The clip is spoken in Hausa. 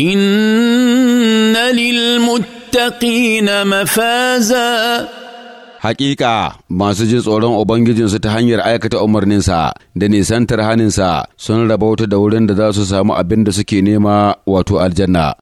إن للمتقين مفازا Haƙiƙa, masu jin tsoron Ubangijinsu ta hanyar aikata umarninsa da nisantar haninsa sun rabauta da wurin da za su samu abin da suke nema wato aljanna.